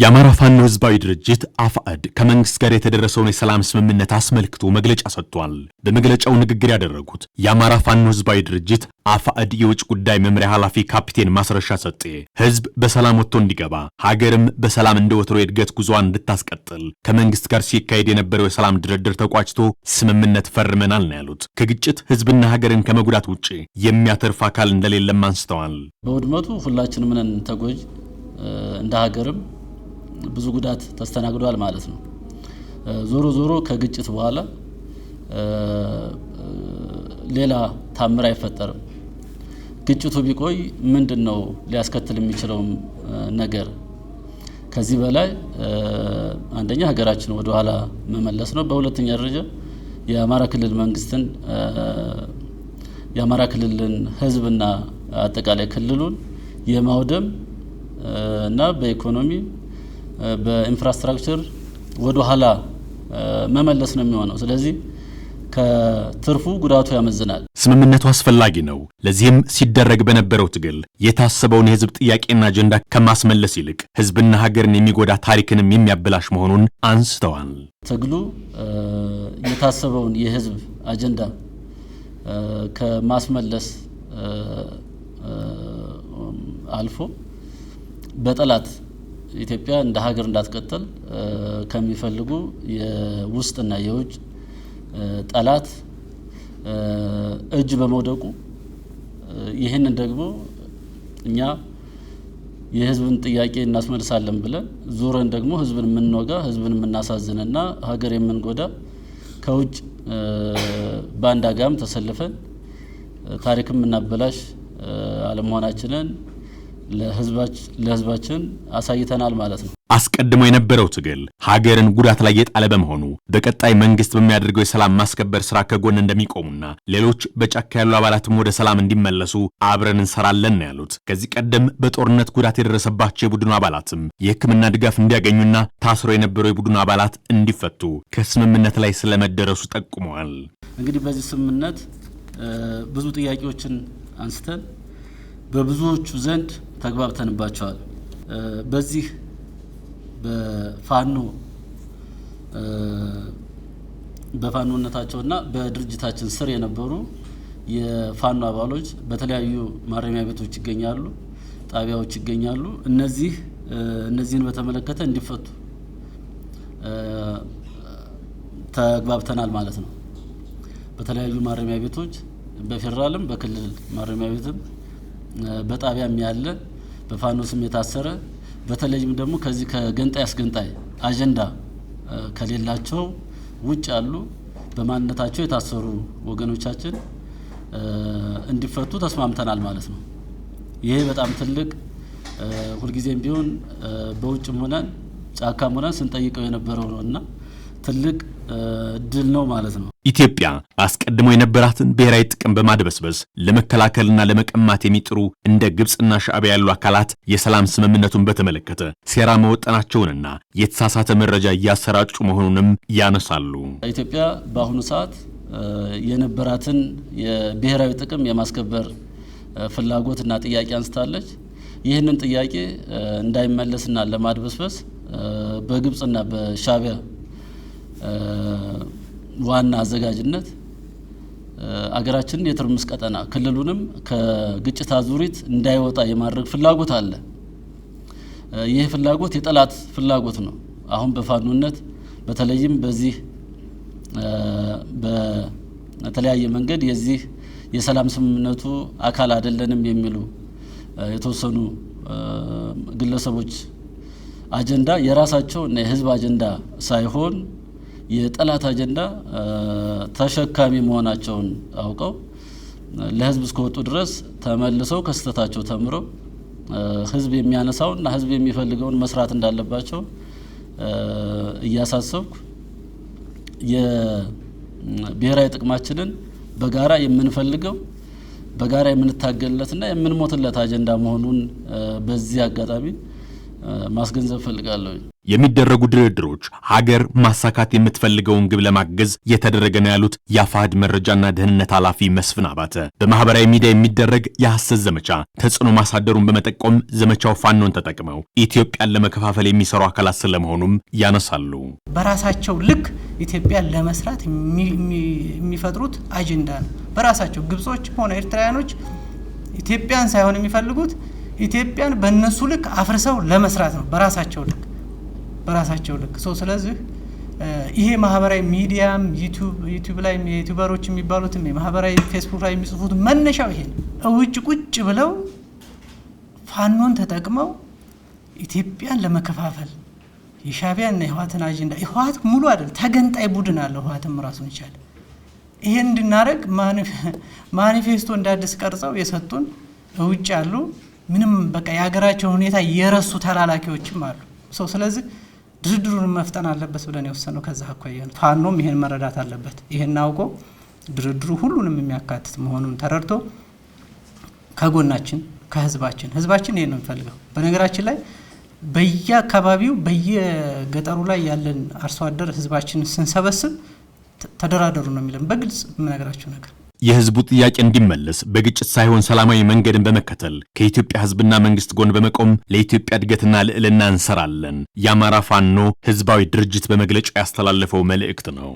የአማራ ፋኖ ህዝባዊ ድርጅት አፋዕድ ከመንግስት ጋር የተደረሰውን የሰላም ስምምነት አስመልክቶ መግለጫ ሰጥቷል። በመግለጫው ንግግር ያደረጉት የአማራ ፋኖ ህዝባዊ ድርጅት አፋዕድ የውጭ ጉዳይ መምሪያ ኃላፊ ካፒቴን ማስረሻ ሰጤ ህዝብ በሰላም ወጥቶ እንዲገባ ሀገርም በሰላም እንደ ወትሮ የእድገት ጉዞዋን እንድታስቀጥል ከመንግስት ጋር ሲካሄድ የነበረው የሰላም ድርድር ተቋጭቶ ስምምነት ፈርመናል ነው ያሉት። ከግጭት ህዝብና ሀገርን ከመጉዳት ውጭ የሚያተርፍ አካል እንደሌለም አንስተዋል። በውድመቱ ሁላችን ምንን ተጎጅ እንደ ሀገርም ብዙ ጉዳት ተስተናግዷል ማለት ነው። ዞሮ ዞሮ ከግጭት በኋላ ሌላ ታምር አይፈጠርም። ግጭቱ ቢቆይ ምንድን ነው ሊያስከትል የሚችለውም ነገር ከዚህ በላይ አንደኛ ሀገራችን ወደ ኋላ መመለስ ነው። በሁለተኛ ደረጃ የአማራ ክልል መንግስትን የአማራ ክልልን ህዝብና አጠቃላይ ክልሉን የማውደም እና በኢኮኖሚ በኢንፍራስትራክቸር ወደ ኋላ መመለስ ነው የሚሆነው። ስለዚህ ከትርፉ ጉዳቱ ያመዝናል። ስምምነቱ አስፈላጊ ነው። ለዚህም ሲደረግ በነበረው ትግል የታሰበውን የህዝብ ጥያቄና አጀንዳ ከማስመለስ ይልቅ ህዝብና ሀገርን የሚጎዳ ታሪክንም የሚያበላሽ መሆኑን አንስተዋል። ትግሉ የታሰበውን የህዝብ አጀንዳ ከማስመለስ አልፎ በጠላት ኢትዮጵያ እንደ ሀገር እንዳትቀጥል ከሚፈልጉ የውስጥና የውጭ ጠላት እጅ በመውደቁ ይህንን ደግሞ እኛ የህዝብን ጥያቄ እናስመልሳለን ብለን ዙረን ደግሞ ህዝብን የምንወጋ ህዝብን የምናሳዝንና ሀገር የምንጎዳ ከውጭ ባንዳ ጋም ተሰልፈን ታሪክም እናበላሽ አለመሆናችንን ለህዝባችን አሳይተናል ማለት ነው። አስቀድሞ የነበረው ትግል ሀገርን ጉዳት ላይ የጣለ በመሆኑ በቀጣይ መንግስት በሚያደርገው የሰላም ማስከበር ስራ ከጎን እንደሚቆሙና ሌሎች በጫካ ያሉ አባላትም ወደ ሰላም እንዲመለሱ አብረን እንሰራለን ነው ያሉት። ከዚህ ቀደም በጦርነት ጉዳት የደረሰባቸው የቡድኑ አባላትም የሕክምና ድጋፍ እንዲያገኙና ታስረው የነበሩ የቡድኑ አባላት እንዲፈቱ ከስምምነት ላይ ስለመደረሱ ጠቁመዋል። እንግዲህ በዚህ ስምምነት ብዙ ጥያቄዎችን አንስተን በብዙዎቹ ዘንድ ተግባብተንባቸዋል። በዚህ በፋኖ በፋኖነታቸውና በድርጅታችን ስር የነበሩ የፋኖ አባሎች በተለያዩ ማረሚያ ቤቶች ይገኛሉ፣ ጣቢያዎች ይገኛሉ። እነዚህ እነዚህን በተመለከተ እንዲፈቱ ተግባብተናል ማለት ነው። በተለያዩ ማረሚያ ቤቶች በፌዴራልም በክልል ማረሚያ ቤትም በጣቢያም ያለ በፋኖ ስም የታሰረ በተለይም ደግሞ ከዚህ ከገንጣይ አስገንጣይ አጀንዳ ከሌላቸው ውጭ ያሉ በማንነታቸው የታሰሩ ወገኖቻችን እንዲፈቱ ተስማምተናል ማለት ነው። ይሄ በጣም ትልቅ ሁልጊዜም ቢሆን በውጭም ሆነን ጫካም ሆነን ስንጠይቀው የነበረው ነው እና ትልቅ ድል ነው ማለት ነው። ኢትዮጵያ አስቀድሞ የነበራትን ብሔራዊ ጥቅም በማድበስበስ ለመከላከልና ለመቀማት የሚጥሩ እንደ ግብፅና ሻዕቢያ ያሉ አካላት የሰላም ስምምነቱን በተመለከተ ሴራ መወጠናቸውንና የተሳሳተ መረጃ እያሰራጩ መሆኑንም ያነሳሉ። ኢትዮጵያ በአሁኑ ሰዓት የነበራትን የብሔራዊ ጥቅም የማስከበር ፍላጎት እና ጥያቄ አንስታለች። ይህንን ጥያቄ እንዳይመለስና ለማድበስበስ በግብፅና በሻዕቢያ ዋና አዘጋጅነት አገራችንን የትርምስ ቀጠና ክልሉንም ከግጭት አዙሪት እንዳይወጣ የማድረግ ፍላጎት አለ። ይህ ፍላጎት የጠላት ፍላጎት ነው። አሁን በፋኖነት በተለይም በዚህ በተለያየ መንገድ የዚህ የሰላም ስምምነቱ አካል አይደለንም የሚሉ የተወሰኑ ግለሰቦች አጀንዳ የራሳቸው እና የህዝብ አጀንዳ ሳይሆን የጠላት አጀንዳ ተሸካሚ መሆናቸውን አውቀው ለህዝብ እስከወጡ ድረስ ተመልሰው ከስህተታቸው ተምረው ህዝብ የሚያነሳውና ህዝብ የሚፈልገውን መስራት እንዳለባቸው እያሳሰብኩ የብሔራዊ ጥቅማችንን በጋራ የምንፈልገው በጋራ የምንታገልለትና የምንሞትለት አጀንዳ መሆኑን በዚህ አጋጣሚ ማስገንዘብ ፈልጋለሁ። የሚደረጉ ድርድሮች ሀገር ማሳካት የምትፈልገውን ግብ ለማገዝ የተደረገ ነው ያሉት የአፋድ መረጃና ደህንነት ኃላፊ መስፍን አባተ በማህበራዊ ሚዲያ የሚደረግ የሐሰት ዘመቻ ተጽዕኖ ማሳደሩን በመጠቆም ዘመቻው ፋኖን ተጠቅመው ኢትዮጵያን ለመከፋፈል የሚሰሩ አካላት ስለመሆኑም ያነሳሉ። በራሳቸው ልክ ኢትዮጵያን ለመስራት የሚፈጥሩት አጀንዳ ነው። በራሳቸው ግብጾች ሆነ ኤርትራውያኖች ኢትዮጵያን ሳይሆን የሚፈልጉት ኢትዮጵያን በእነሱ ልክ አፍርሰው ለመስራት ነው በራሳቸው ልክ በራሳቸው ልክ ሰው ስለዚህ ይሄ ማህበራዊ ሚዲያም ዩቱብ ላይ ዩቱበሮች የሚባሉትም የማህበራዊ ፌስቡክ ላይ የሚጽፉት መነሻው ይሄ እውጭ ቁጭ ብለው ፋኖን ተጠቅመው ኢትዮጵያን ለመከፋፈል የሻቢያና የህዋትን አጀንዳ ህዋት ሙሉ አይደለም ተገንጣይ ቡድን አለ። ህዋትም ራሱን ይቻል ይሄን እንድናደረግ ማኒፌስቶ እንዳዲስ ቀርጸው የሰጡን እውጭ አሉ። ምንም በቃ የሀገራቸውን ሁኔታ የረሱ ተላላኪዎችም አሉ ሰው ስለዚህ ድርድሩን መፍጠን አለበት ብለን የወሰነው ከዛ አኳያ ነው። ፋኖም ይሄን መረዳት አለበት። ይሄን አውቆ ድርድሩ ሁሉንም የሚያካትት መሆኑን ተረድቶ ከጎናችን ከህዝባችን ህዝባችን ይህን ነው የሚፈልገው። በነገራችን ላይ በየአካባቢው በየገጠሩ ላይ ያለን አርሶ አደር ህዝባችን ስንሰበስብ ተደራደሩ ነው የሚለን በግልጽ የምነግራቸው ነገር የህዝቡ ጥያቄ እንዲመለስ በግጭት ሳይሆን ሰላማዊ መንገድን በመከተል ከኢትዮጵያ ህዝብና መንግስት ጎን በመቆም ለኢትዮጵያ እድገትና ልዕልና እንሰራለን። የአማራ ፋኖ ህዝባዊ ድርጅት በመግለጫው ያስተላለፈው መልእክት ነው።